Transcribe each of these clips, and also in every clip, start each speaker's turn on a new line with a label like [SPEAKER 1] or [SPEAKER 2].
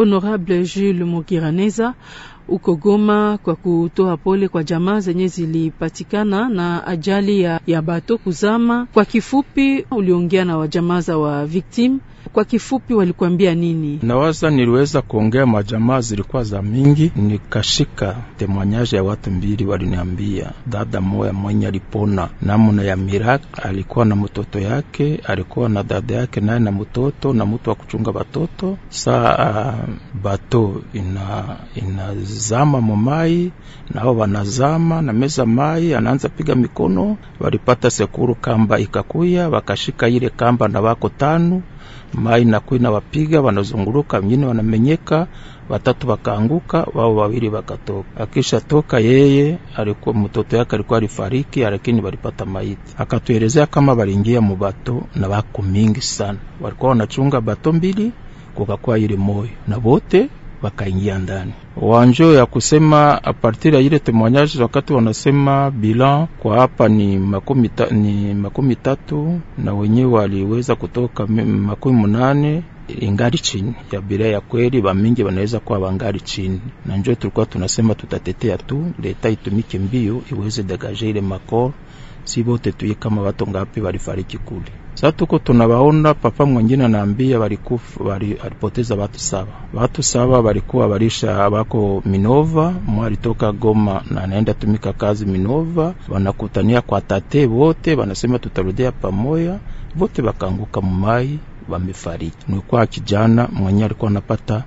[SPEAKER 1] Honorable Jules mogiraneza uko Goma kwa kutoa pole kwa jamaa zenye zilipatikana na ajali ya, ya bato kuzama. Kwa kifupi, uliongea na wajamaza wa victim kwa kifupi, walikuambia nini? Nawaza niliweza kuongea majamaa, zilikuwa za mingi, nikashika temwanyaje ya watu mbili, waliniambia dada moya mwenye alipona namuna ya mirak alikuwa na mtoto yake, alikuwa na dada yake naye na mtoto na mtu wa kuchunga batoto. Saa ah, bato ina inazama momai, nao wanazama na meza mai, anaanza piga mikono, walipata sekuru kamba ikakuya, wakashika ile kamba na wako tano mai kwina wapiga wanazunguruka, wengine wanamenyeka, watatu bakaanguka wao wawili bakatoka Akisha toka yeye alikuwa mtoto yake alikuwa alifariki, lakini walipata maiti. Akatuelezea kama walingia mubato na wako mingi sana, walikuwa wanachunga bato mbili, kukakuwa ile moyo na wote wakaingia ndani wanjo ya kusema partir ya ile temoignage, wakati wanasema bilan kwa hapa ni makumi, ta, ni makumi tatu na wenyewe waliweza kutoka makumi munane ingari chini ya bila ya kweli, bamingi wanaweza kuwa wangari chini, na njo tulikuwa tunasema tutatetea tu leta itumike mbio iweze degager ile makor, si bote tuye kama watu ngapi walifariki kule. Sasa tuko tunabaona papa mwengine anaambia walikufa wali, alipoteza watu saba, watu saba walikuwa walisha bako Minova, mwali toka Goma na anaenda tumika kazi Minova, wanakutania kwa tate wote, wanasema tutarudia pamoja, wote bakanguka mumai, wamefariki. Nilikuwa kijana mwenye alikuwa anapata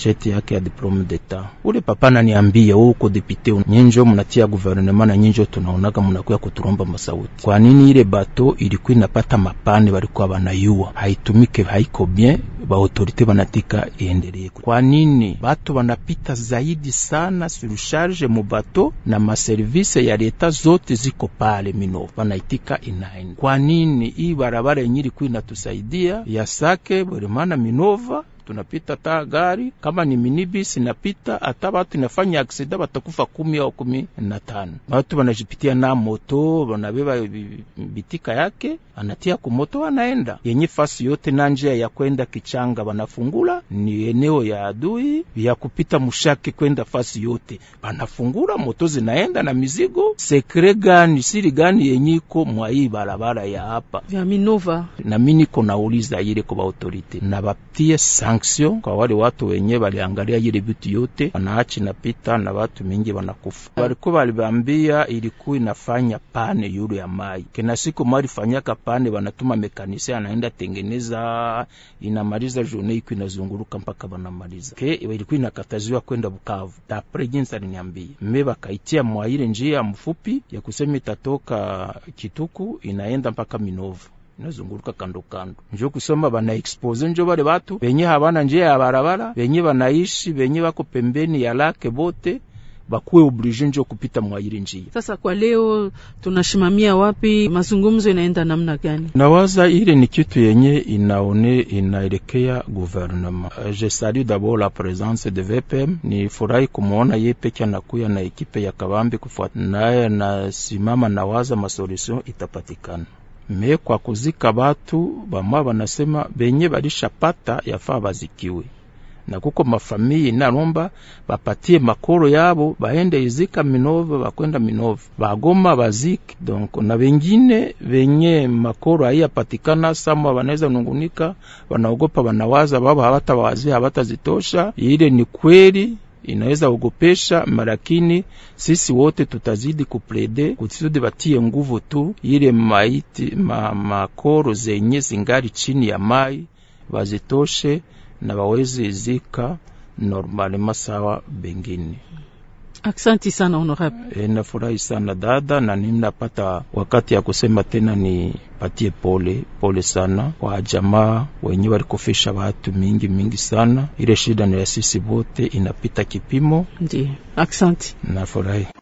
[SPEAKER 1] cheti yake ya diplome d'etat. Ule papa wewe uko député nyinjo mnatia guvernema na nyinjo tunaonaka mnakuwa kuturomba masauti. Kwa nini ile bato ilikuwa inapata mapane walikuwa wanayua? haitumike haiko bien, ba autorite banatika iendelee. Kwa nini bato banapita zaidi sana charge mu bato na service ya leta zote ziko pale Minova banaitika inaine. Kwa nini hii barabara yenye ilikuwa inatusaidia ya Sake Bweremana Minova tunapita ta gari kama ni minibus inapita, hata batu inafanya aksida batakufa kumi au kumi na tano. Batu banajipitia na moto banabeba bitika yake anatia kumoto anaenda yenye fasi yote na njia ya kwenda kichanga banafungula, ni eneo ya adui ya kupita mushake kwenda fasi yote banafungula, moto zinaenda na mizigo. Sekre gani siri gani yenyiko hii barabara ya hapa vya Minova, na mimi niko nauliza ile kwa autorite na baptie sang sanction kwa wale watu wenye baliangalia ile vitu yote, wanaachi na pita na watu mingi wanakufa. Walikuwa balibambia ilikuwa inafanya pane yulu ya mai kina siku mwali fanyaka pane, wanatuma mekanisi anaenda tengeneza, inamaliza journée iku inazunguruka mpaka wanamaliza ke ilikuwa inakataziwa kwenda Bukavu. Dapre jinsi aliniambia mme, bakaitia mwa njia mfupi ya kusema itatoka Kituku inaenda mpaka Minovu nazunguruka kando kando, njo kusoma bana expose njo bale batu benye habana nje ya barabara benye banaishi benye bako pembeni ya lake bote bakuwe oblige njo kupita mwairi njia. Sasa kwa leo tunashimamia wapi? Mazungumzo inaenda namna gani? Nawaza ile ni kitu yenye inaone inaelekea guvernema. Euh, je salue d'abord la presence de VPM, ni furahi kumwona ye peke nakuya na ekipe ya Kabambi kufuata naye, nasimama nawaza masolution itapatikana me kwa kuzika batu bamwa banasema benye balishapata yafaa bazikiwe na kuko mafamiyi nalomba bapatie makoro yabo baende izika Minova, bakwenda Minova, bagoma bazike donc, na bengine benye makoro aiyapatikana samwa banaweza nungunika, wanaogopa, banawaza babo habata zitosha. Ile ni kweli inaweza ogopesha, malakini sisi wote tutazidi kuplede kutisudi batie nguvu tu ile maiti ma, makoro zenye zingali chini ya mai bazitoshe na bawezi zika normalema sawa bengine. Asanti sana honorable. E, nafurahi sana dada, na ninapata wakati ya kusema tena ni patie pole pole sana kwa jamaa wenye walikofisha watu mingi mingi sana. Ile shida ni ya sisi bote inapita kipimo. Ndiyo, asanti, nafurahi.